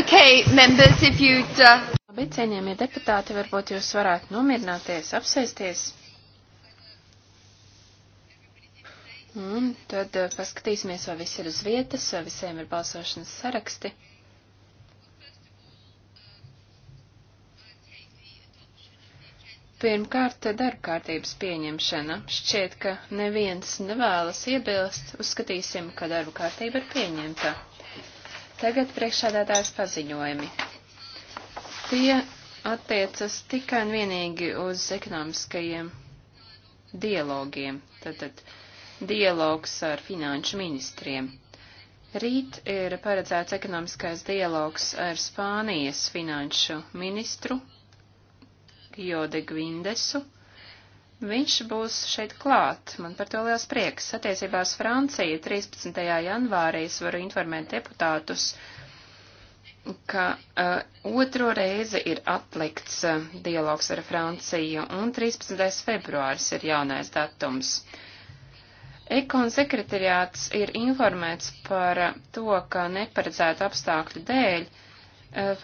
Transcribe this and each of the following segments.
Okay, members, if you'd... Uh... Labi, cienījamie deputāti, varbūt jūs varētu nomierināties, apsēsties. Un tad uh, paskatīsimies, vai viss ir uz vietas, vai visiem ir balsošanas saraksti. Pirmkārt, darba kārtības pieņemšana. Šķiet, ka neviens nevēlas iebilst. Uzskatīsim, ka darba kārtība ir pieņemta. Tagad priekšādātājs paziņojumi. Tie attiecas tikai un vienīgi uz ekonomiskajiem dialogiem, tātad dialogs ar finanšu ministriem. Rīt ir paredzēts ekonomiskais dialogs ar Spānijas finanšu ministru Jode Gvindesu. Viņš būs šeit klāt. Man par to liels prieks. Attiecībās Francija 13. janvārī es varu informēt deputātus, ka uh, otro reizi ir atlikts uh, dialogs ar Franciju un 13. februāris ir jaunais datums. Ekon sekretariāts ir informēts par uh, to, ka neparedzētu apstākļu dēļ uh,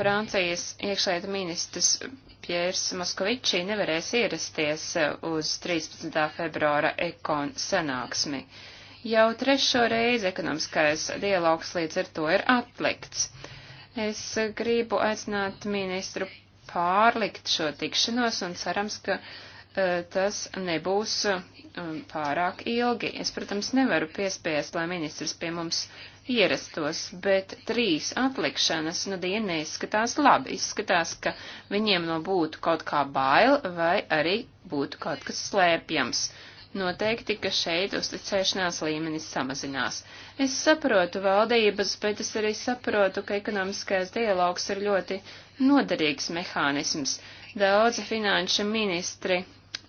Francijas iekšlietu ministrs Pjērs Moskovičī nevarēs ierasties uz 13. februāra ekon sanāksmi. Jau trešo reizi ekonomiskais dialogs līdz ar to ir atlikts. Es gribu aicināt ministru pārlikt šo tikšanos un cerams, ka E, tas nebūs e, pārāk ilgi. Es, protams, nevaru piespiest, lai ministrs pie mums ierastos, bet trīs atlikšanas nu dien neizskatās labi. Izskatās, ka viņiem no būtu kaut kā bail vai arī būtu kaut kas slēpjams. Noteikti, ka šeit uzticēšanās līmenis samazinās. Es saprotu valdības, bet es arī saprotu, ka ekonomiskais dialogs ir ļoti noderīgs mehānisms. Daudzi finanšu ministri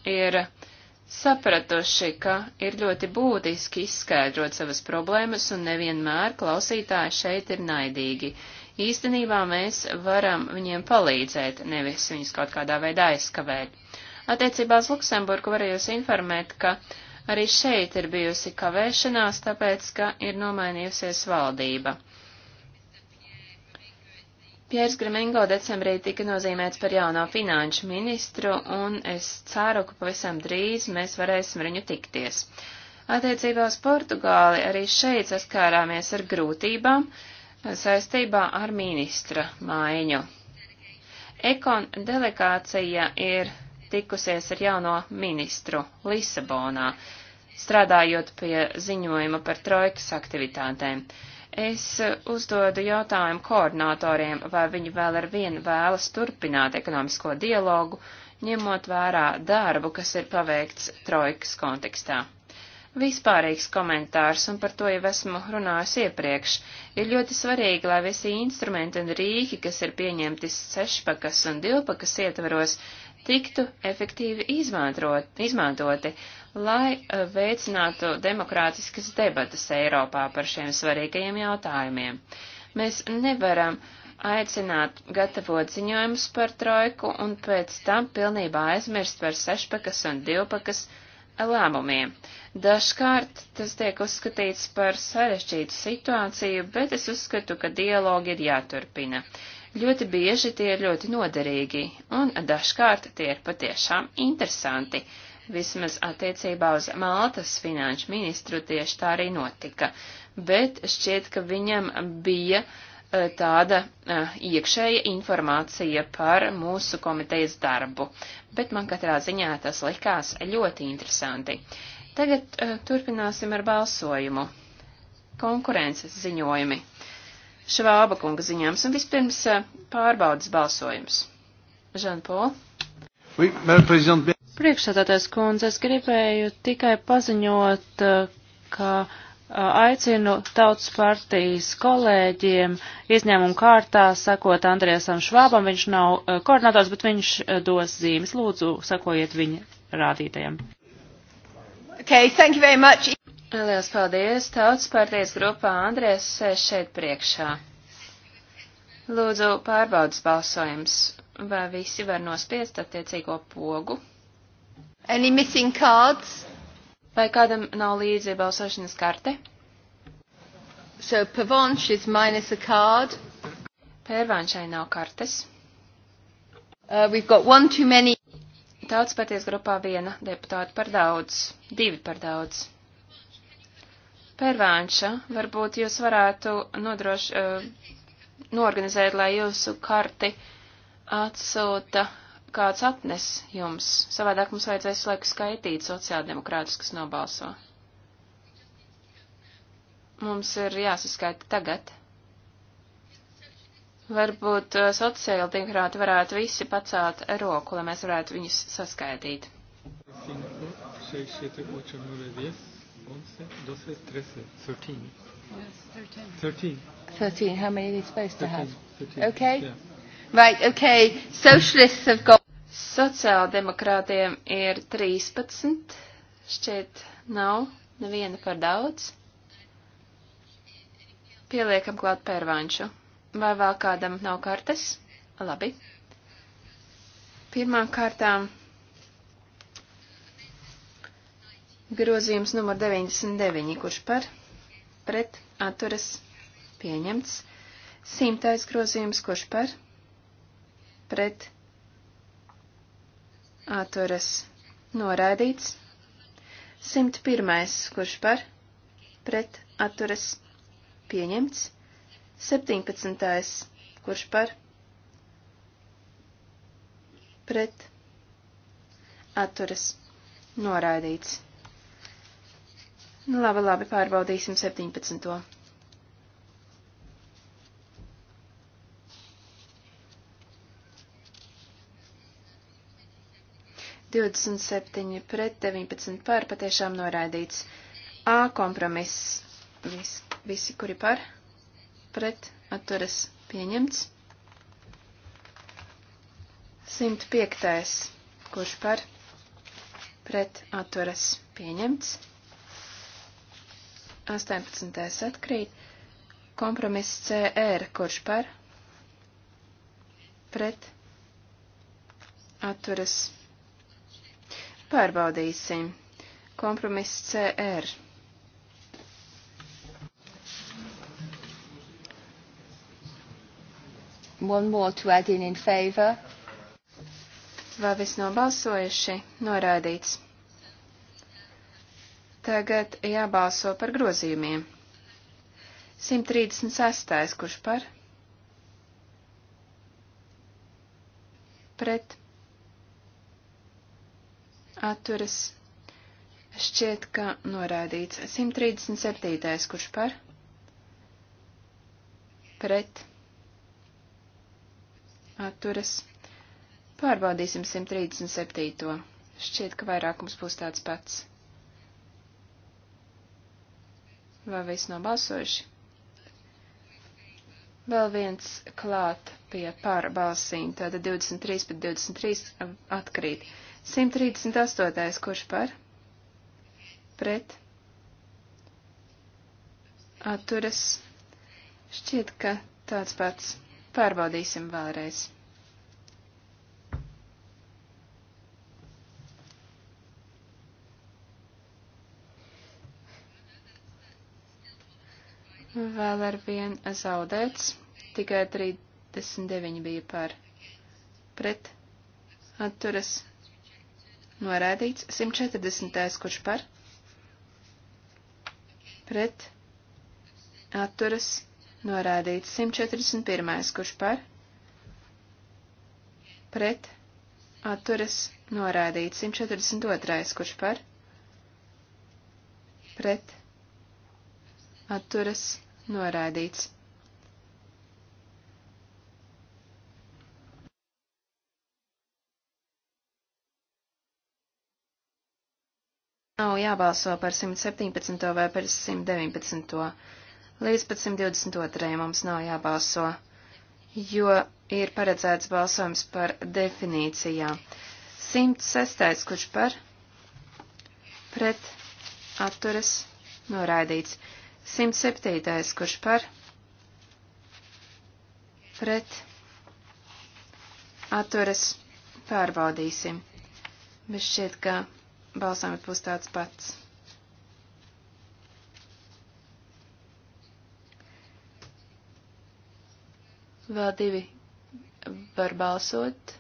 ir sapratuši, ka ir ļoti būtiski izskaidrot savas problēmas un nevienmēr klausītāji šeit ir naidīgi. Īstenībā mēs varam viņiem palīdzēt, nevis viņus kaut kādā veidā aizskavēt. Attiecībās Luksemburgu varējos informēt, ka arī šeit ir bijusi kavēšanās, tāpēc, ka ir nomainījusies valdība. Piers Grimingo decembrī tika nozīmēts par jauno finanšu ministru, un es ceru, ka pavisam drīz mēs varēsim ar viņu tikties. Attiecībā uz Portugāli arī šeit saskārāmies ar grūtībām saistībā ar ministra maiņu. Ekon delegācija ir tikusies ar jauno ministru Lisabonā, strādājot pie ziņojuma par trojkas aktivitātēm. Es eh, uzdodu jautājumu koordinatoriem, vai viņi vēl ar vienu vēlas turpināt ekonomisko dialogu, ņemot vērā darbu, kas ir paveikts trojkas kontekstā. Vispārīgs komentārs, un par to jau esmu runājusi iepriekš, ir ļoti svarīgi, lai visi instrumenti un rīki, kas ir pieņemti sešpakas un divpakas ietvaros, tiktu efektīvi izmantrot, izmantoti, lai eh, veicinātu demokrātiskas debatas Eiropā par šiem svarīgajiem jautājumiem. Mēs nevaram aicināt gatavot ziņojumus par trojku un pēc tam pilnībā aizmirst par sešpakas un divpakas lēmumiem. Dažkārt tas tiek uzskatīts par sarežģītu situāciju, bet es uzskatu, ka dialogi ir jāturpina. Ļoti bieži tie ir ļoti noderīgi, un dažkārt tie ir patiešām interesanti. Vismaz attiecībā uz Maltas finanšu ministru tieši tā arī notika. Bet šķiet, ka viņam bija e, tāda e, iekšēja informācija par mūsu komitejas darbu. Bet man katrā ziņā tas likās ļoti interesanti. Tagad e, turpināsim ar balsojumu. Konkurences ziņojumi. Švāba kunga ziņojums un vispirms pārbaudas balsojums. Žanpol. Oui, Priekšsādātais kundze, es gribēju tikai paziņot, ka aicinu tautas partijas kolēģiem izņēmumu kārtā sakot Andriesam Švābam. Viņš nav koordinators, bet viņš dos zīmes. Lūdzu, sakojiet viņa rādītajiem. Okay, thank you very much. Lielas paldies. Tautas partijas grupā Andrēs sēž šeit priekšā. Lūdzu, pārbaudas balsojums. Vai visi var nospiest attiecīgo pogu? Any missing cards? Vai kādam nav līdzi balsošanas karte? So Pavanš is minus a card. Pērvanšai nav kartes. Uh, we've got one too many. Tautas paties grupā viena deputāta par daudz, divi par daudz. Pērvānša, varbūt jūs varētu nodroš, uh, norganizēt, lai jūsu karti atsūta kāds atnes jums. Savādāk mums vajadzēs laiku skaitīt sociāldemokrātus, kas nobalso. Mums ir jāsaskaita tagad. Varbūt eh, sociāldemokrāti varētu visi pacelt roku, lai mēs varētu viņus saskaitīt. 5, 6, 7, 8, 9, 10, 11, 12, 13, 13. Yes, 13. 13. 13. How many space to have? 13. Okay. Yeah. Right, okay. Socialists have got... Sociāldemokrātiem ir 13. Šķiet, nav neviena par daudz. Pieliekam klāt pērvanšu. Vai vēl kādam nav kartes? Labi. Pirmām kārtām grozījums numur 99, kurš par pret atturas pieņemts. Simtais grozījums, kurš par pret pret atturas noraidīts. 101. kurš par pret atturas pieņemts. 17. kurš par pret atturas noraidīts. Nu, labi, labi, pārbaudīsim 17. 27 pret 19 par patiešām noraidīts. A kompromiss. Vis, visi, kuri par, pret, atturas pieņemts. 105. Kurš par, pret, atturas pieņemts. 18. atkrīt. Kompromiss CR. Kurš par, pret, atturas pieņemts. Pārbaudīsim. Kompromiss CR. One more to add in in favor. Vai viss nobalsojuši? Norādīts. Tagad jābalso par grozījumiem. 136. kurš par? Pret atturas. Šķiet, ka norādīts 137. kurš par pret atturas. Pārbaudīsim 137. Šķiet, ka vairākums būs tāds pats. Vai viss nobalsojuši? Vēl viens klāt pie pārbalsīm, tātad 23 pret 23 atkrīt. 138. kurš par? Pret. Atturas. Šķiet, ka tāds pats. Pārbaudīsim vēlreiz. Vēl ar vien zaudēts, tikai 39 bija par pret atturas Norādīts 140. kurš par pret atturas norādīts 141. kurš par pret atturas norādīts 142. kurš par pret atturas norādīts Nav jābalso par 117. vai par 119. Līdz pat 122. mums nav jābalso, jo ir paredzēts balsojums par definīcijām. 106. kurš par pret atturas noraidīts. 107. kurš par pret atturas pārbaudīsim. Bet šķiet, ka balsojums būs tāds pats. Vēl divi var balsot.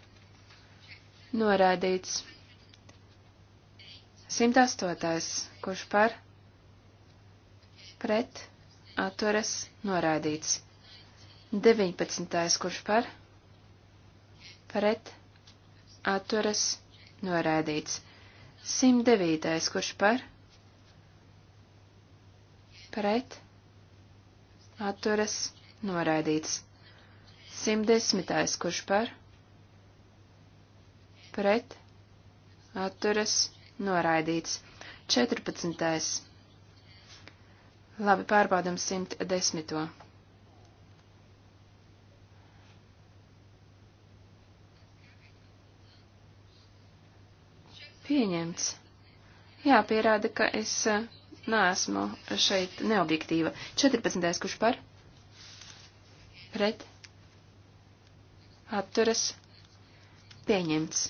Norādīts. 108. Kurš par? Pret. Atturas. Norādīts. 19. Kurš par? Pret. Atturas. Norādīts. 109. kurš par? Pret. Atturas. Noraidīts. 110. kurš par? Pret. Atturas. Noraidīts. 14. Labi, pārbaudam 110. Pieņemts. Jā, pierāda, ka es eh, neesmu šeit neobjektīva. 14. kurš par? Pret. Atturas. Pieņemts.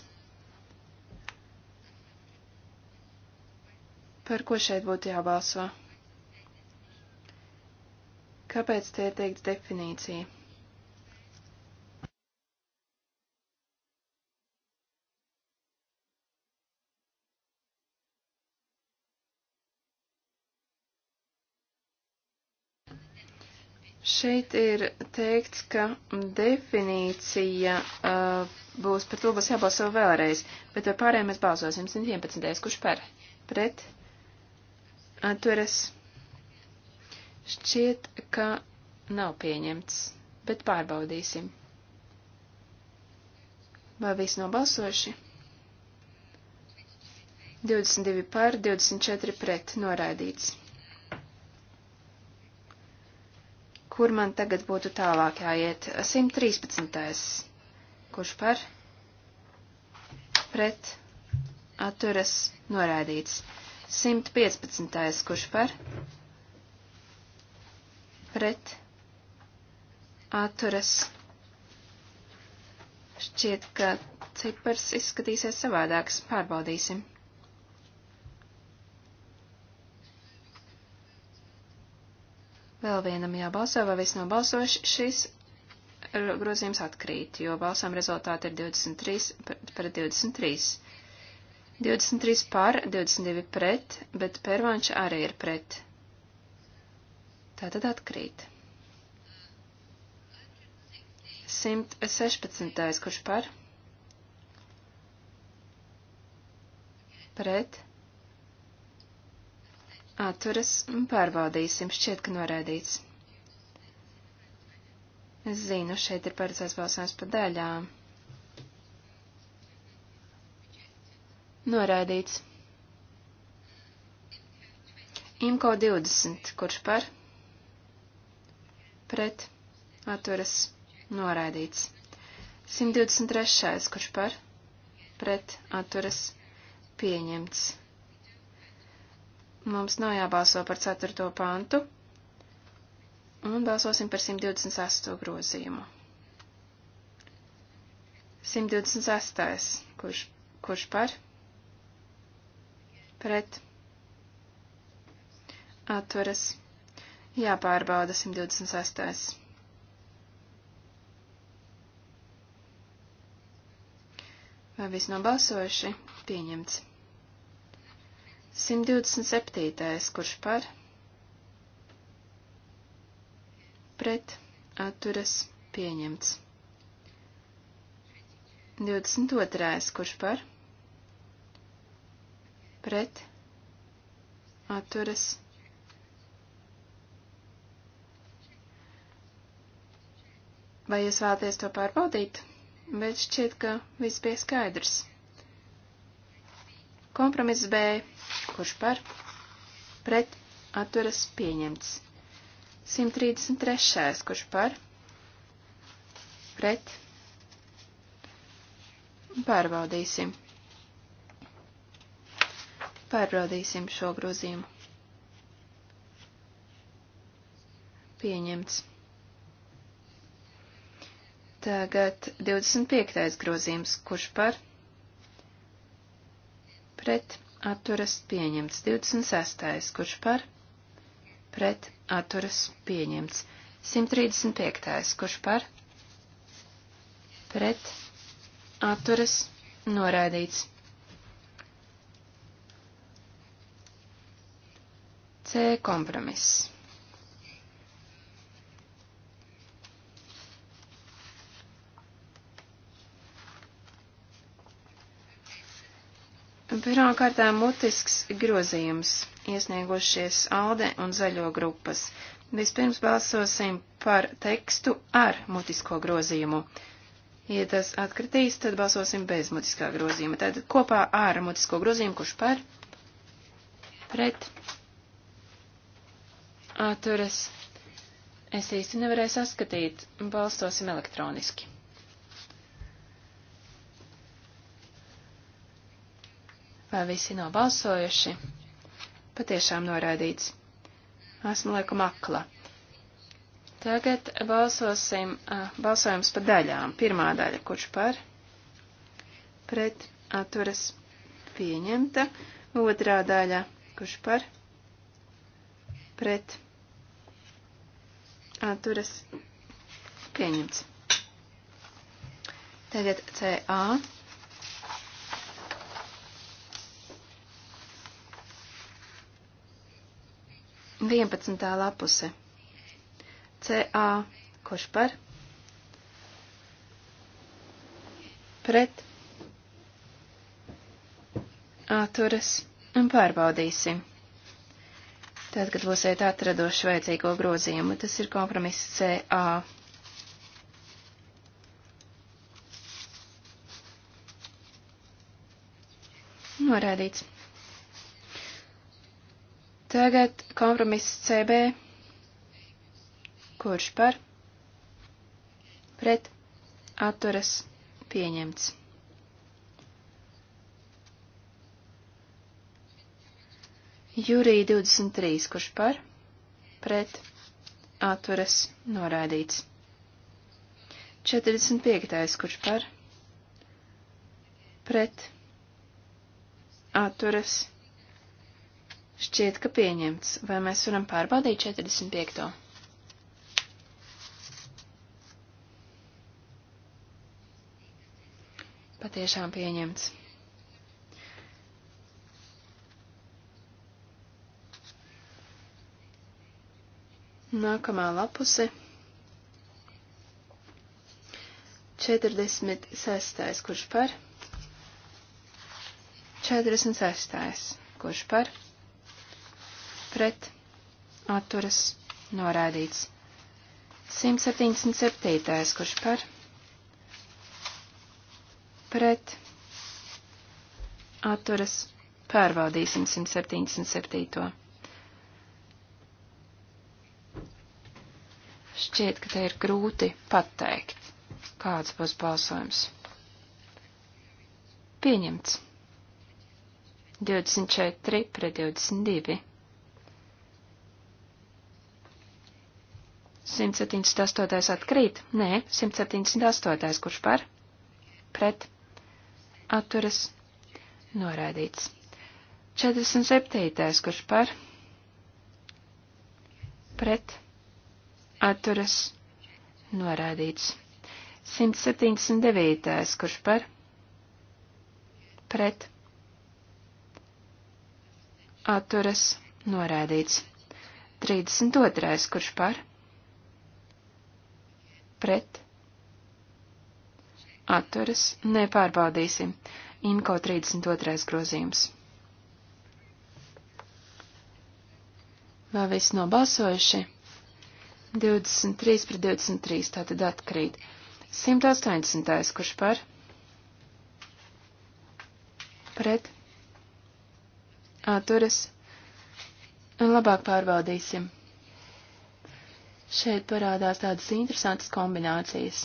Par ko šeit būtu jābalso? Kāpēc te ir teikts definīcija? Šeit ir teikts, ka definīcija uh, būs, par to būs jābalso vēlreiz, bet par pārējiem mēs balsosim 111. Kurš par? Pret? Atturas? Šķiet, ka nav pieņemts, bet pārbaudīsim. Vai visi nobalsoši? 22 par, 24 pret, noraidīts. Kur man tagad būtu tālāk jāiet? 113. Kurš par? Pret. Atturas. Noraidīts. 115. Kurš par? Pret. Atturas. Šķiet, ka cipars izskatīsies savādāks. Pārbaudīsim. 115. Vēl vienam jābalso, vai viss nav balsojuši. Šis eh, grozījums atkrīt, jo balsām rezultāti ir 23 pret 23. 23 par, 22 pret, bet pervanš arī ir pret. Tātad atkrīt. 116. kurš par? Pret atturas un pārbaudīsim, šķiet, ka noraidīts. Es zinu, šeit ir paredzēts balsojums pa daļām. Noraidīts. Imko 20, kurš par? Pret. Atturas. Noraidīts. 123, kurš par? Pret. Atturas. Pieņemts. Mums nav jābalso par 4. pantu, un balsosim par 128. grozījumu. 128. Kurš, kurš par? Pret. Atveras. Jāpārbauda 128. Vai viss nobalsojuši? Pieņemts. 127. kurš par pret atturas pieņemts. 22. kurš par pret atturas Vai jūs vēlaties to pārbaudīt? Bet šķiet, ka viss bija skaidrs. Kompromiss B, kurš par pret atturas pieņemts. 133. kurš par pret pārbaudīsim. Pārbaudīsim šo grozījumu. Pieņemts. Tagad 25. grozījums, kurš par pret pret atturas pieņemts. 26. kurš par pret atturas pieņemts. 135. kurš par pret atturas noraidīts. C kompromiss. Pirmām kārtām mutisks grozījums iesniegušies ALDE un zaļo grupas. Vispirms balsosim par tekstu ar mutisko grozījumu. Ja tas atkritīs, tad balsosim bez mutiskā grozījuma. Tātad kopā ar mutisko grozījumu, kurš par, pret, atturas. Es īsti nevarēju saskatīt. Balsosim elektroniski. Vai visi nobalsojuši? Patiešām noraidīts. Esmu laikam akla. Tagad balsosim, balsojums pa daļām. Pirmā daļa, kurš par, pret, atturas, pieņemta. Otrā daļa, kurš par, pret, atturas, pieņemts. Tagad CA, 11. lapuse. CA, kurš par? Pret. Atturas. Un pārbaudīsim. Tad, kad būsiet atraduši vajadzīgo grozījumu, tas ir kompromiss CA. Norādīts. Tagad kompromiss CB. Kurš par? Pret. Atturas. Pieņemts. Jūrija 23, kurš par, pret, atturas, noraidīts. 45, kurš par, pret, atturas, noraidīts Šķiet, ka pieņemts. Vai mēs varam pārbaudīt 45. Patiešām pieņemts. Nākamā lapuse. 46. kurš par? 46. kurš par? pret atturas norādīts. 177. kurš par pret atturas pārvaldīsim 177. Šķiet, ka te ir grūti pateikt, kāds būs balsojums. Pieņemts. 24 pret 22. 178. atkrīt? Nē, 178. kurš par? Pret. Atturas. Norādīts. 47. kurš par? Pret. Atturas. Norādīts. 179. kurš par? Pret. Atturas. Norādīts. 32. kurš par? pret, atturas, nepārbaudīsim. Inko 32. grozījums. Vai visi nobalsojuši? 23 pret 23, tātad atkrīt. 180. kurš par? Pret? Atturas? Labāk pārbaudīsim. Šeit parādās tādas interesantas kombinācijas.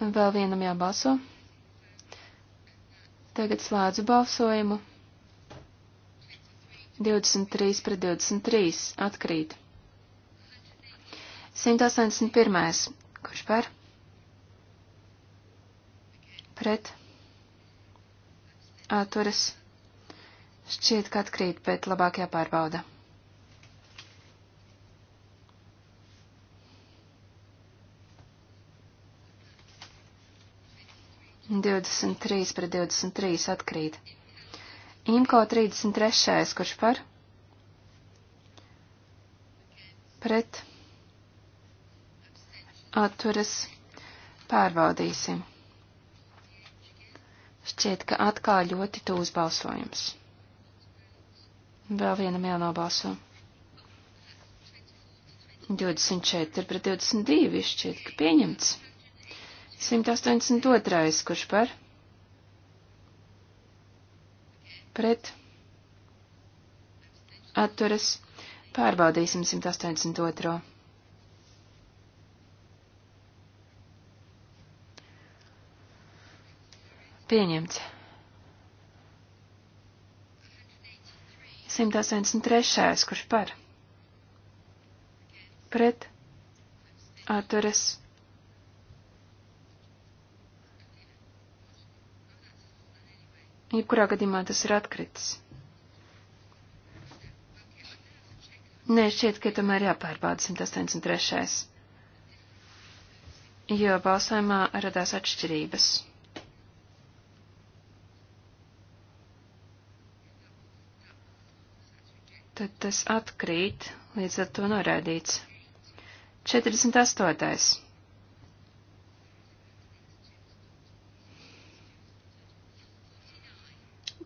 Vēl vienam jābalso. Tagad slēdzu balsojumu. 23 pret 23 atkrīt. 181. Kurš par? Pret. Atturas. Šķiet, ka atkrīt, bet labāk jāpārbauda. 23 pret 23 atkrīt. Imko 33, kurš par? Pret. Atturas. Pārbaudīsim. Šķiet, ka atkal ļoti tūs balsojums. Vēl vienam jānobalso. 24 pret 22 šķiet, ka pieņemts. 182. Kurš par? Pret. Atturas. Pārbaudīsim 182. Pieņemts. 183. Kurš par? Pret. Atturas Jebkurā gadījumā tas ir atkritis. Nē, šķiet, ka tomēr jāpārbauda 183. Jo balsojumā radās atšķirības. Tad tas atkrīt, līdz ar to noraidīts. 48.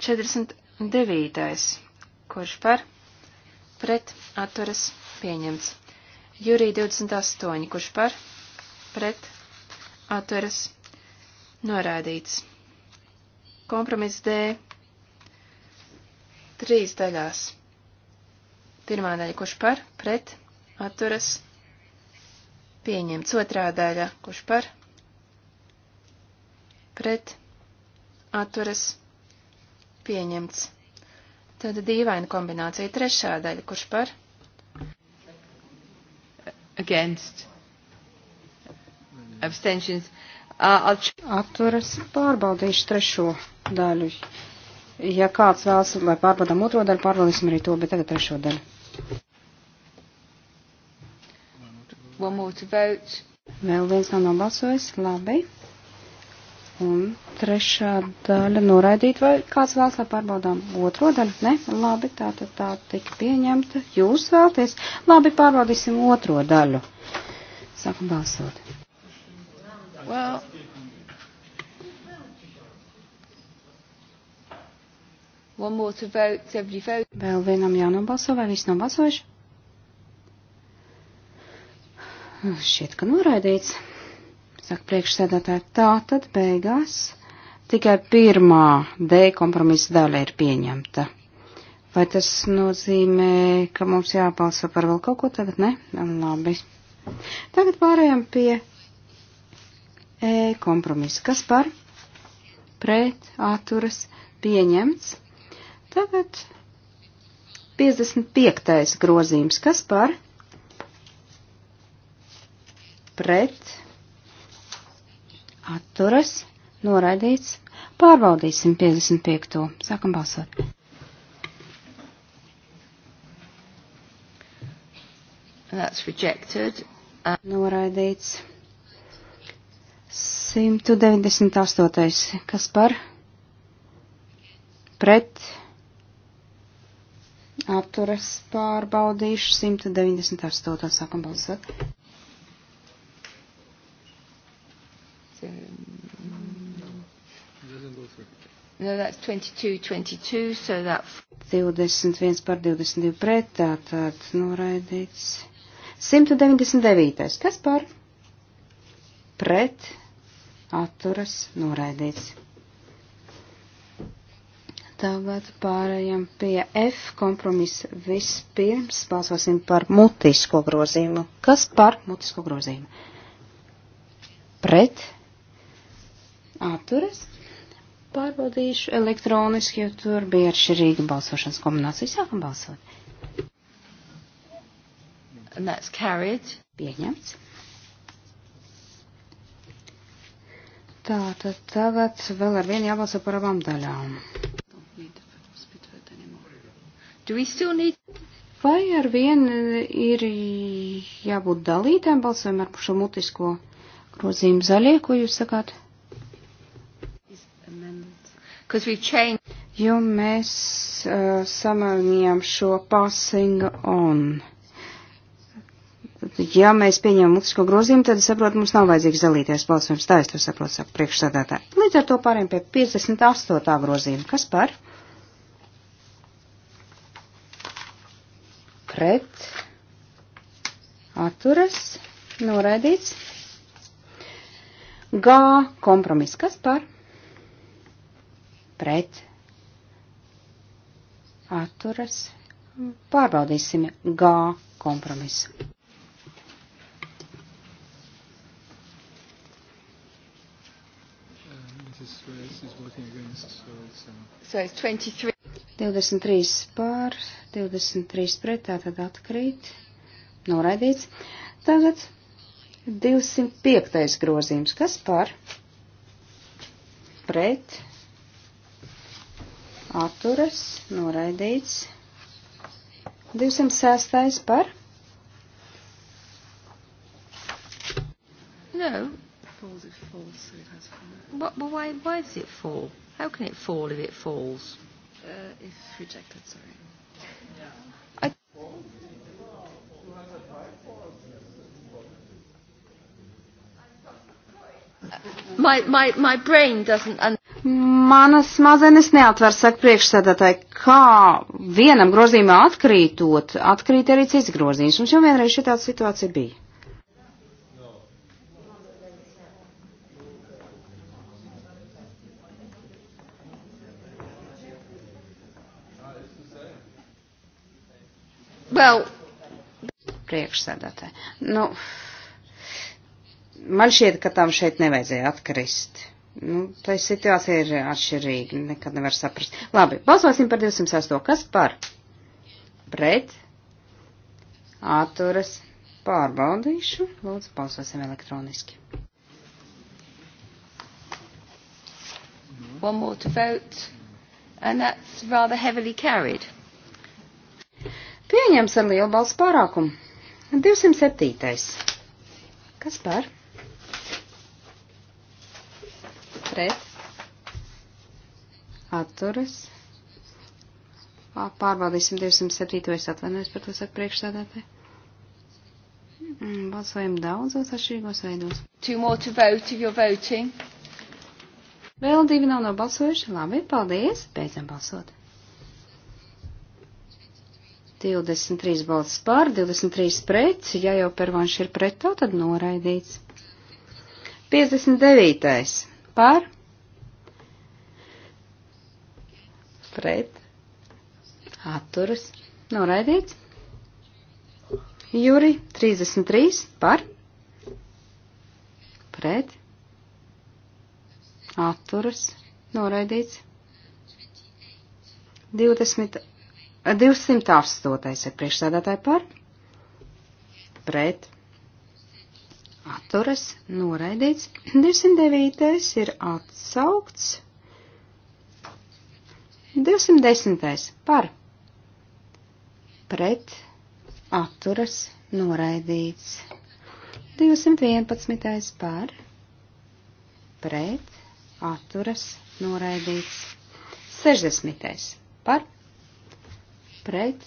49. Kurš par? Pret atturas pieņemts. Jurī 28. Kurš par? Pret atturas norādīts. Kompromiss D. Trīs daļās. Pirmā daļa, kurš par, pret, atturas, pieņemts. Otrā daļa, kurš par, pret, atturas, pieņemts Pieņemts. Tad dīvaina kombinācija trešā daļa, kurš par? Against. Abstentions. Uh, Atturas pārbaudīšu trešo daļu. Ja kāds vēlas, lai pārbaudām otro daļu, pārbaudīsim arī to, bet tagad trešo daļu. One more to vote. Vēl viens nav nobalsojis. Labi. Un trešā daļa noraidīt, vai kāds vēlas, lai pārbaudām otro daļu? Ne, labi, tā tad tā tika pieņemta. Jūs vēlties? Labi, pārbaudīsim otro daļu. Sākam balsot. Well. One more to vote, every vote. Vēl vienam jānobalso, vai viss nobalsojuši? Šķiet, ka noraidīts saka priekšsēdētāji, tā tad beigās tikai pirmā D kompromisa daļa ir pieņemta. Vai tas nozīmē, ka mums jābalso par vēl kaut ko tagad? Ne? Labi. Tagad pārējām pie E kompromisa. Kas par? Pret, atturas, pieņemts. Tagad 55. grozījums. Kas par? Pret, atturas, noraidīts. Pārbaudīsim 55. Sākam balsot. That's rejected. Uh... Noraidīts. 198. Kas par? Pret. Apturas pārbaudīšu 198. Sākam balsot. um, no, that's 22, 22, so that... 21 par 22 pret, tātad noraidīts. 199. Kas par? Pret, atturas, noraidīts. Tagad pārējām pie F kompromisa. Vispirms balsosim par mutisko grozījumu. Kas par mutisko grozījumu? Pret, atturas. Pārbaudīšu elektroniski, jo tur bija atšķirīga balsošanas kombinācija. Sākam balsot. And that's carried. Pieņemts. Tā, tad tagad vēl ar vienu jābalso par abām daļām. Need... Vai ar vienu ir jābūt dalītēm balsojumam ar šo mutisko grozījumu zaļie, ko jūs sakāt? Jo mēs uh, samainījām šo passing on. Ja mēs pieņemam mutisko grozījumu, tad, saprot, mums nav vajadzīgs dalīties balsojums. Tā es to saprotu, saka priekšsādātāji. Līdz ar to pārējiem pie 58. grozījuma. Kas par? Pret. Atturas. Noraidīts. Gā kompromiss. Kas par? pret atturas. Pārbaudīsim G kompromisu. So it's 23. 23 pār, 23 pret, tātad atkrīt, noraidīts. Tagad 205. grozījums. Kas par? Pret, atturas, noraidīts. 206. par. No. Falls, it falls, so it has fallen. What, but why, why does it fall? How can it fall if it falls? Uh, if rejected, sorry. I my, my, my brain doesn't... Un- Manas smadzenes neatver, saka priekšsēdētāji, kā vienam grozījumā atkrītot, atkrīt arī cits grozījums. Mums jau vienreiz šī tāda situācija bija. Well, priekšsēdētāji. Nu, man šķiet, ka tam šeit nevajadzēja atkrist. Nu, tā situācija ir atšķirīga, nekad nevar saprast. Labi, balsosim par 208. Kas par? Pret? Atturas? Pārbaudīšu. Lūdzu, balsosim elektroniski. One more to vote. And that's rather heavily carried. Pieņems ar lielu balsu pārākumu. 207. Kas par? pret, atturas. Pārbaudīsim 207. Es atvainojos par to saku priekšsēdētāji. Mm, balsojam daudzos atšķirīgos veidos. Two more to vote if you're voting. Vēl divi nav nobalsojuši. Labi, paldies. Beidzam balsot. 23 balsts pār, 23 pret. Ja jau pervanš ir pret, tā tad noraidīts. 59 par pret atturas noraidīts. Juri 33 par pret atturas noraidīts. 20, 208 eh, ir priekšsēdētāji par pret atturas noraidīts. 209. ir atsaukts. 210. par pret atturas noraidīts. 211. par pret atturas noraidīts. 60. par pret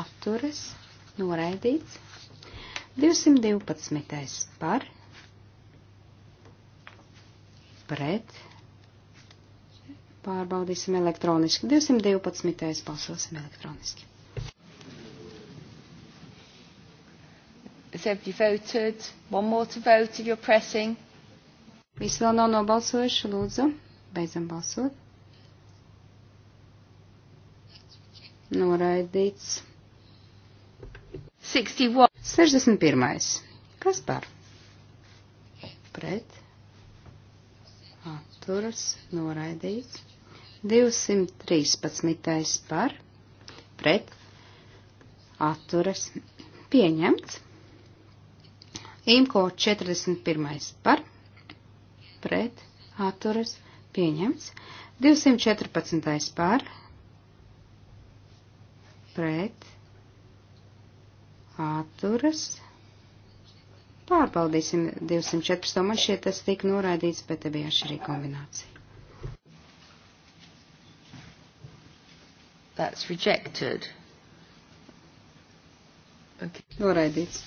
atturas noraidīts. 212. par pret. Pārbaudīsim elektroniski. 212. balsosim elektroniski. Has everybody voted? One more to vote if you're pressing. Visi vēl nav nobalsojuši, lūdzu. Beidzam balsot. Noraidīts. 61. 61. Kas par? Pret. Atturas noraidīts. 213. par. Pret. Atturas pieņemts. Imko 41. par. Pret. Atturas pieņemts. 214. par. Pret atturas. Pārbaudīsim 214. Man šķiet, tas tika noraidīts, bet te bija šī kombinācija. That's rejected. Okay. Noraidīts.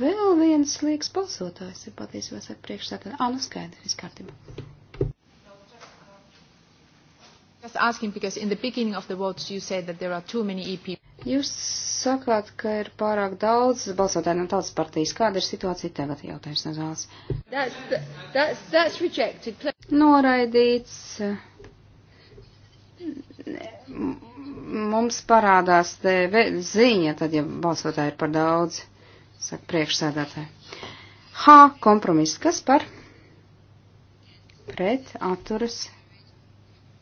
Vēl viens liekas balsotājs ir patiesībā saka priekšsēdētājā. Ah, nu skaidri, viss kārtībā. Just asking because in the beginning of the votes you said that there are too many EP. Jūs sakāt, ka ir pārāk daudz balsotāju no tautas partijas. Kāda ir situācija tagad, jautājums no zāles? That's, that's, that's rejected. Noraidīts. Mums parādās te ziņa, tad, ja balsotāji ir par daudz, saka priekšsēdētāji. H. Kompromiss. Kas par? Pret. Atturas.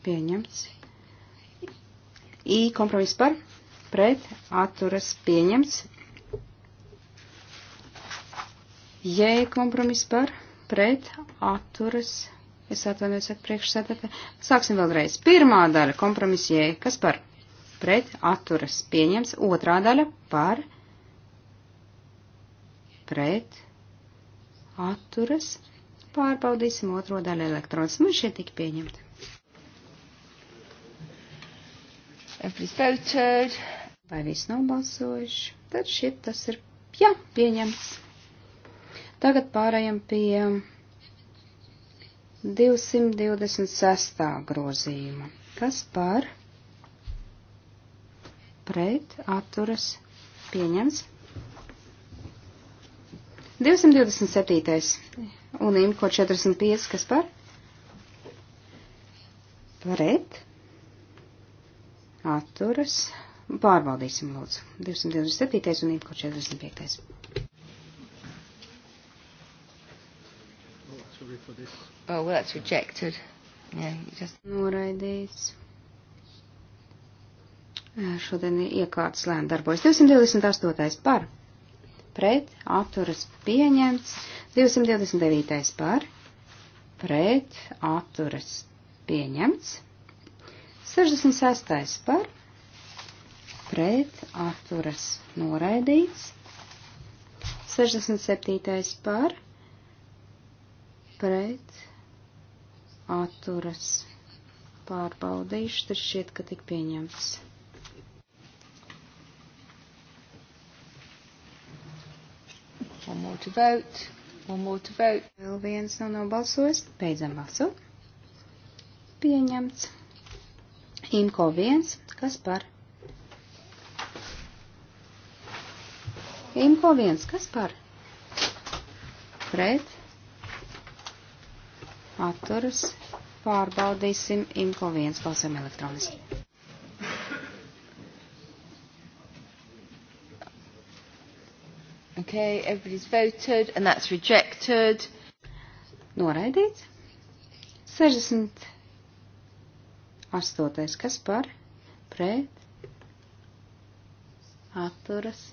Pieņemts. I. Kompromiss par? pret atturas pieņemts. Jei kompromiss par pret atturas. Es atvainojos, saka priekšsēdētāji. Sāksim vēlreiz. Pirmā daļa kompromiss jei. Kas par? Pret atturas pieņems. Otrā daļa par pret atturas. Pārbaudīsim otro daļu elektronas. Man šeit tik pieņemta. Every voted. Vai viss nav balsojuši? Tad šit tas ir, jā, pieņemts. Tagad pārējam pie 226. grozījuma. Kas par pret atturas pieņemts? 227. un imko 45. kas par? Pret atturas Pārbaudīsim, lūdzu. 227. un IPKO 45. Oh, well, that's rejected. Yeah, you just... Noraidīts. Šodien iekārtas lēni darbojas. 228. par. Pret. Atturas pieņemts. 229. par. Pret. Atturas pieņemts. 66. par pret atturas noraidīts. 67. par pret atturas pārbaudīšu, tad šķiet, ka tik pieņemts. One more to vote. One more to vote. Vēl viens nav nobalsojis. Beidzam balsot. Pieņemts. Imko viens. Kas par? Imko viens, kas par? Pret. Atturas. Pārbaudīsim Imko viens, balsam elektroniski. Okay, everybody's voted and that's rejected. Noraidīts. 68. Kas par? Pret. Atturas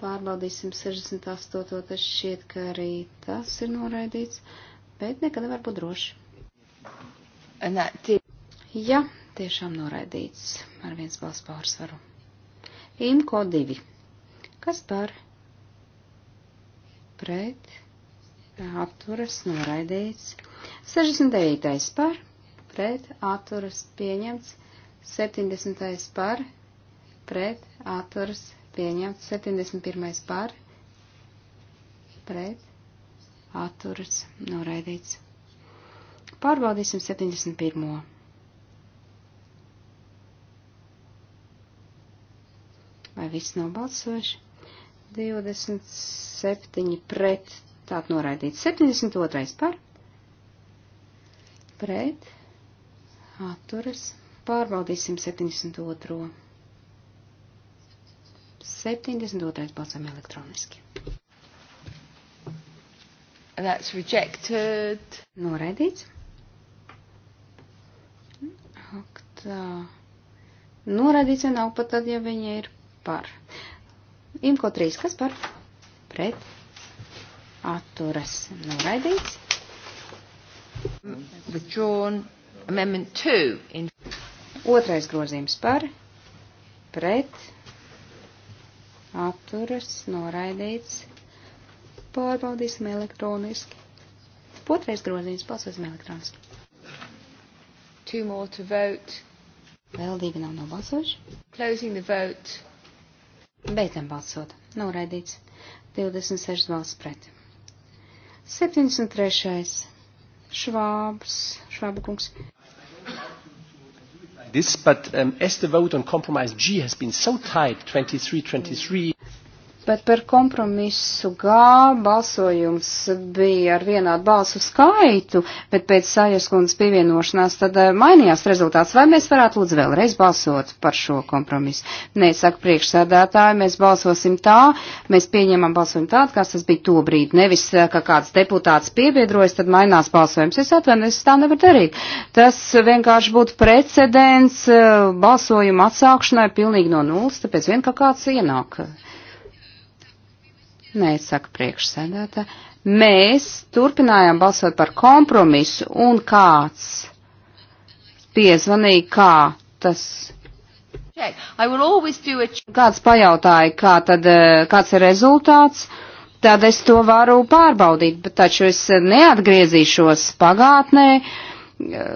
Pārbaudīsim 68. Tas šķiet, ka arī tas ir noraidīts, bet nekad nevar būt droši. Nē, uh, tie... Ja, tiešām noraidīts ar viens balss pārsvaru. Imko 2. Kas par? Pret. Apturas noraidīts. 69. par. Pret. Atturas pieņemts. 70. par. Pret. Atturas pieņemts pieņemts 71. par, pret, atturas, noraidīts. Pārbaudīsim 71. Vai viss nav balsojuši? 27 pret, tātad noraidīts 72. par, pret, atturas, pārbaudīsim 72. 72. balsam elektroniski. That's rejected. Noraidīts. Ak, tā. Noraidīts ja nav pat tad, ja viņa ir par. Imko 3, kas par? Pret. Atturas. Noraidīts. Withdrawn. Amendment 2. In... Otrais grozījums par. Pret atturas noraidīts. Pārbaudīsim elektroniski. Otrais grozījums balsosim elektroniski. Two more to vote. Vēl divi nav nobalsojuši. Closing the vote. Beidzam balsot. Noraidīts. 26 balsts pret. 73. Švābs, Švāba kungs this, but um, as the vote on compromise G has been so tight, 23-23, bet par kompromisu gā balsojums bija ar vienādu balsu skaitu, bet pēc Sājas kundas pievienošanās tad eh, mainījās rezultāts. Vai mēs varētu lūdzu vēlreiz balsot par šo kompromisu? Nē, saka priekšsēdētāji, mēs balsosim tā, mēs pieņemam balsojumu tādu, kāds tas bija to brīdi. Nevis, eh, ka kāds deputāts piebiedrojas, tad mainās balsojums. Es atvainojos, tā nevar darīt. Tas vienkārši būtu precedents eh, balsojuma atsākšanai pilnīgi no nulles, tāpēc vien, ka kāds ienāk. Nē, saka priekšsēdētā. Mēs turpinājām balsot par kompromisu un kāds piezvanīja, kā tas. Kāds pajautāja, kā tad, eh, kāds ir rezultāts, tad es to varu pārbaudīt, bet taču es neatgriezīšos pagātnē, eh,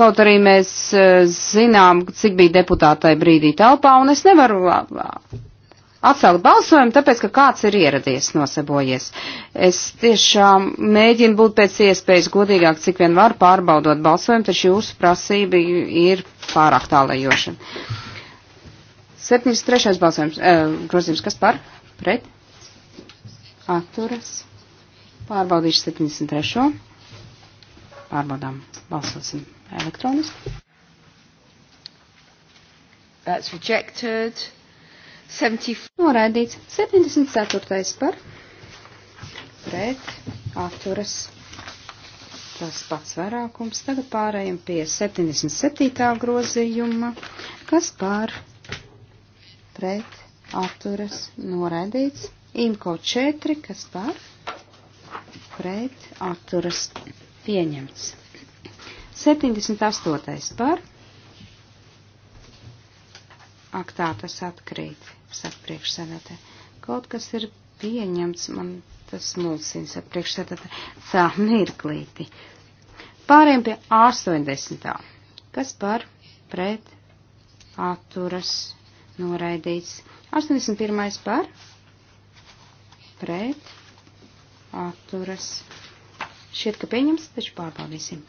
kaut arī mēs eh, zinām, cik bija deputātai brīdī telpā, un es nevaru atcelt balsojumu, tāpēc, ka kāds ir ieradies nosebojies. Es tiešām mēģinu būt pēc iespējas godīgāk, cik vien var pārbaudot balsojumu, taču jūsu prasība ir pārāk tālējoša. 73. balsojums, eh, grozījums, kas par? Pret? Atturas. Pārbaudīšu 73. Pārbaudām. Balsosim elektroniski. That's rejected. Noraidīts 74. par pret atturas tas pats vairākums. Tagad pārējiem pie 77. grozījuma, kas pār pret atturas noraidīts. Imko 4, kas pār pret atturas pieņemts. 78. par aktā tas atkrīt saka priekšsēdētē. Kaut kas ir pieņemts, man tas mulsina, saka priekšsēdētē. Tā, mirklīti. Pāriem pie 80. Kas par pret atturas noraidīts? 81. par pret atturas. Šķiet, ka pieņems, taču pārbaudīsim.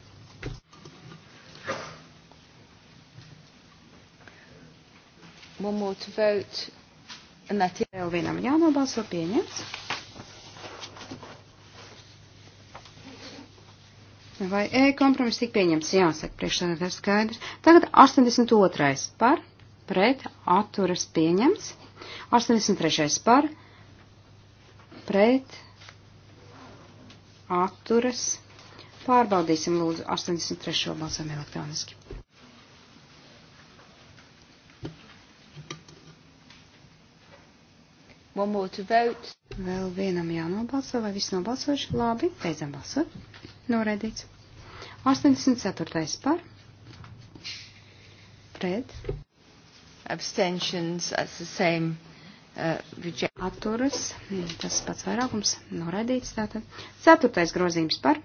One more to vote. Nati vēl vienam jānobalso pieņemts. Vai E kompromiss tika pieņemts? Jāsaka, priekšsēdētājs skaidrs. Tagad 82. par, pret, atturas pieņemts. 83. par, pret, atturas. Pārbaudīsim lūdzu 83. balsam elektroniski. one more to vote. Vēl vienam jānobalso, vai viss nobalsojuši? Labi, beidzam balsot. Noraidīts. 84. par. Pret. Abstentions as the same. Uh, Atturas, tas pats vairākums, noraidīts tātad. Ceturtais grozījums par,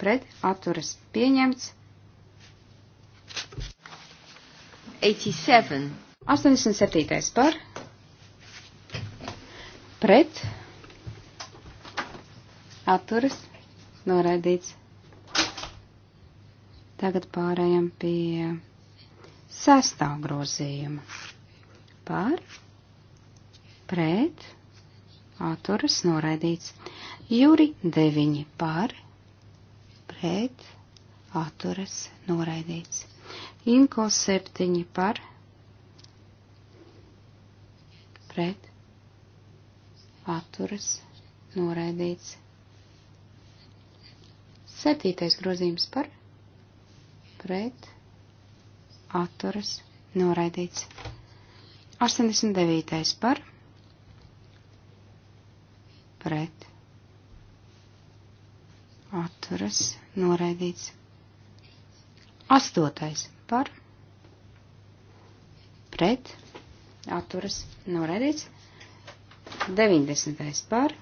pret, atturas, pieņemts. 87. 87. par, pret, atturas, noraidīts. Tagad pārējām pie sestā grozījuma. Pār, pret, atturas, noraidīts. Juri 9 pār, pret, atturas, noraidīts. Inko 7 par, pret, atturas noraidīts. Septītais grozījums par pret atturas noraidīts. 89. par pret atturas noraidīts. 8. par pret atturas noraidīts. 90. par.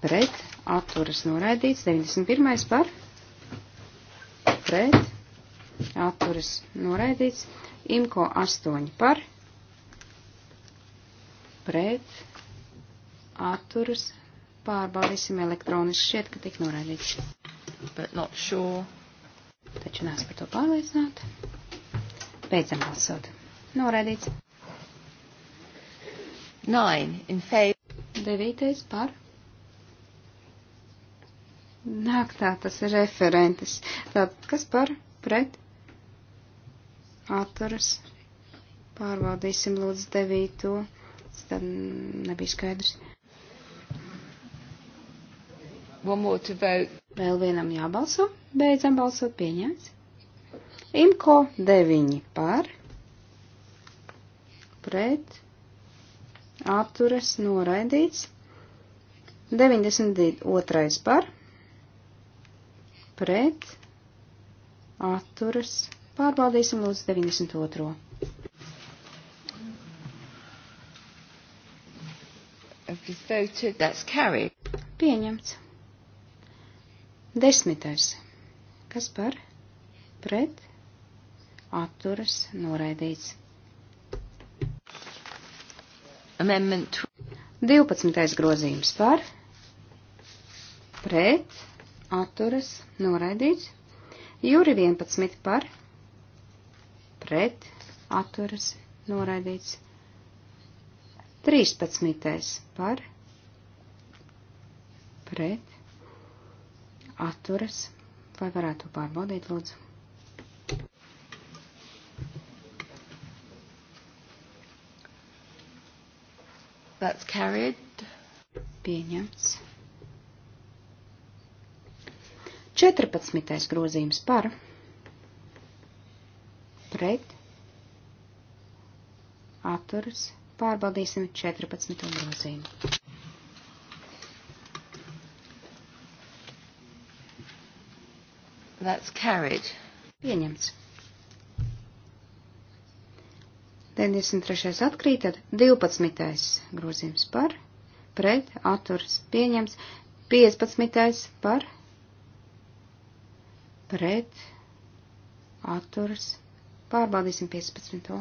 Pret. Atturas noraidīts. 91. par. Pret. Atturas noraidīts. Imko 8 par. Pret. Atturas. Pārbaudīsim elektroniski. Šķiet, ka tik noraidīts. But not sure. Taču nāc par to pārliecināti. Beidzam balsot. Noraidīts. Nine in favor. Devītais par. Nāk tā, tas ir referentes. Tātad, kas par pret atturas? Pārvaldīsim lūdzu devīto. Tad nebija skaidrs. Vēl vienam jābalso. Beidzam balsot pieņemts. Imko 9 par pret atturas noraidīts. 92. par pret atturas pārbaudīsim lūdzu 92. Voted, that's carried. Pieņemts. Desmitais. Kas par? Pret? Atturas noraidīts. Amendment 12. grozījums par, pret, atturas, noraidīts. Jūri 11 par, pret, atturas, noraidīts. 13. par, pret, atturas, vai varētu pārbaudīt, lūdzu. That's carried. Pieņemts. 14. grozījums par pret atturas. Pārbaudīsim 14. grozījumu. That's carried. Pieņemts. 93. atkrīt, tad 12. grozījums par, pret, atturs pieņems, 15. par, pret, atturs, pārbaudīsim 15.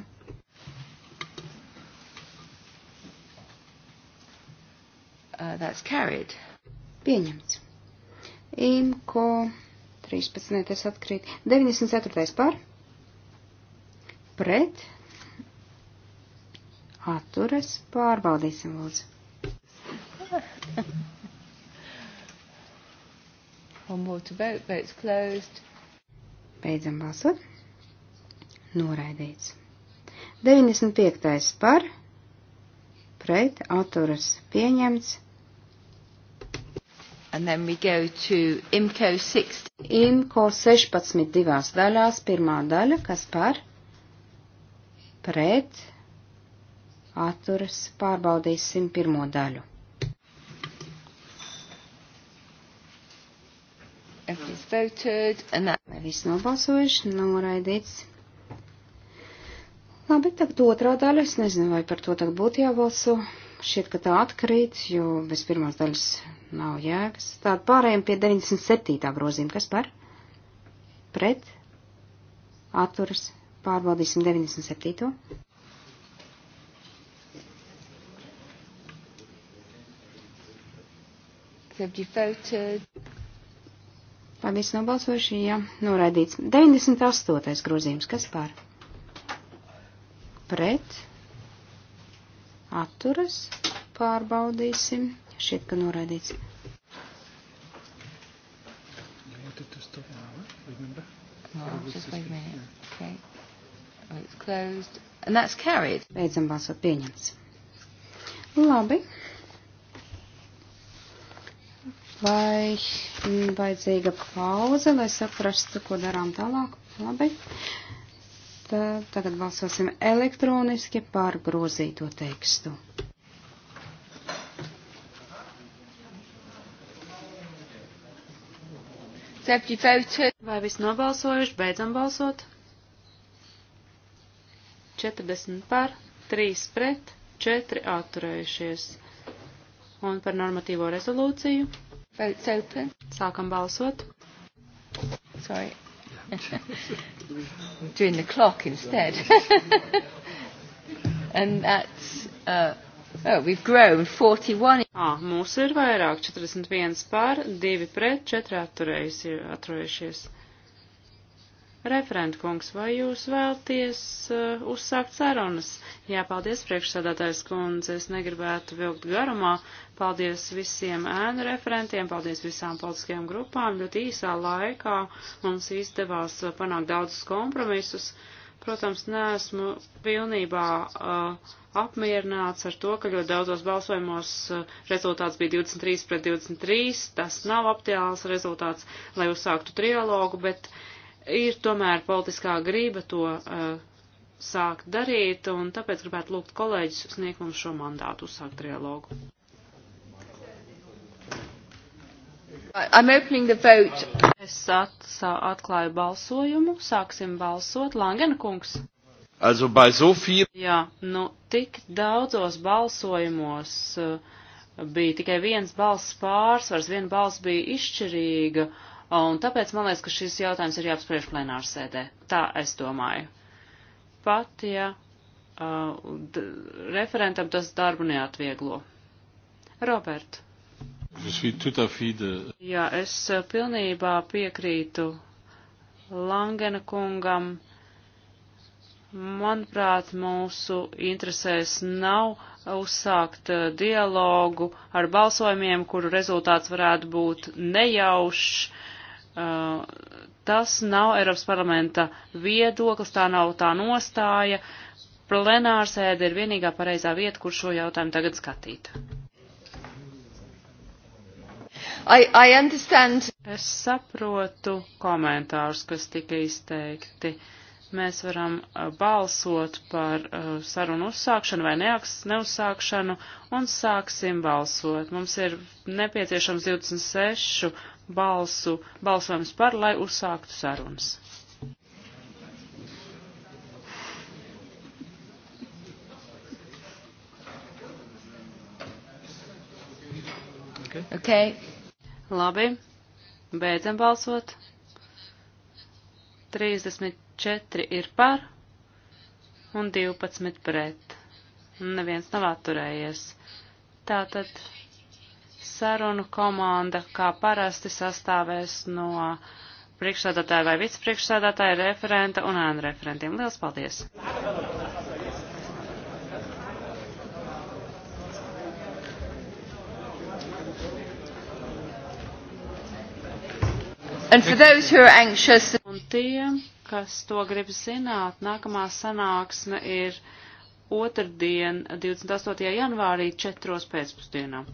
Uh, that's carried. Pieņemts. Imko 13. atkrīt, 94. par, pret, atturas, pārbaudīsim lūdzu. One more to vote, vote's closed. Beidzam balsot. Noraidīts. 95. par, pret, atturas, pieņemts. And then we go to IMCO 16. IMCO 16 divās daļās, pirmā daļa, kas par, pret, atturas pārbaudīsim pirmo daļu. Viss nobalsojuši, noraidīts. Labi, tagad otrā daļa, es nezinu, vai par to tagad būtu jābalso. Šķiet, ka tā atkrīt, jo bez pirmās daļas nav jēgas. Tātad pārējiem pie 97. grozījuma, kas par? Pret? Atturas. Pārbaudīsim 97. Vai viss nobalsojuši? Jā, noraidīts. 98. grozījums. Kas par? Pret. Atturas. Pārbaudīsim. Šķiet, ka noraidīts. Beidzam balsot pieņemts. Labi vai mm, vajadzīga pauze, lai saprastu, ko darām tālāk. Labi. Tā, tagad balsosim elektroniski par grozīto tekstu. Vai viss nobalsojuši? Beidzam balsot. 40 par, 3 pret, 4 atturējušies. Un par normatīvo rezolūciju. Votes open. Sākam balsot. Sorry. Doing the clock instead. And that's, uh, oh, we've grown 41. Ah, mūsu ir vairāk, 41 pār, 2 pret, 4 atturējušies. Referenta kungs, vai jūs vēlties uh, uzsākt sarunas? Jā, paldies priekšsādātājs kundze, es negribētu vilkt garumā. Paldies visiem ēnu referentiem, paldies visām politiskajām grupām. Ļoti īsā laikā mums izdevās uh, panākt daudzus kompromisus. Protams, neesmu pilnībā uh, apmierināts ar to, ka ļoti daudzos balsojumos uh, rezultāts bija 23 pret 23. Tas nav aptēls rezultāts, lai uzsāktu trialogu, bet. Uh, ir tomēr politiskā grība to uh, sākt darīt, un tāpēc gribētu lūgt kolēģis sniegt mums šo mandātu, uzsākt trialogu. Es at, atklāju balsojumu, sāksim balsot. Langena kungs. Also bei so viel... Jā, nu tik daudzos balsojumos uh, bija tikai viens balss pārsvars, viena balss bija izšķirīga. Uh, Un tāpēc man liekas, ka šis jautājums ir jāapspriež plenāru sēdē. Tā es domāju. Pat, ja uh, referentam tas darbu neatvieglo. Robert. Jā, es uh, pilnībā piekrītu Langena kungam. Manuprāt, mūsu interesēs nav uzsākt uh, dialogu ar balsojumiem, kuru rezultāts varētu būt nejaušs Uh, tas nav Eiropas parlamenta viedoklis, tā nav tā nostāja. Plenārsēde ir vienīgā pareizā vieta, kur šo jautājumu tagad skatīt. I, I understand. Es saprotu komentārus, kas tika izteikti. Mēs varam uh, balsot par uh, sarunu uzsākšanu vai neuzsākšanu un sāksim balsot. Mums ir nepieciešams 26 balsu balsojums par, lai uzsāktu sarunas. Okay. Labi, beidzam balsot. 34 ir par un 12 pret. Neviens nav atturējies. Tātad sarunu komanda, kā parasti, sastāvēs no priekšsēdētāja vai vicepriekšsēdētāja, referenta un ēnu referentiem. Lielas paldies! Anxious... Un tiem, kas to grib zināt, nākamā sanāksme ir otrdien, 28. janvārī, 4. pēcpusdienā.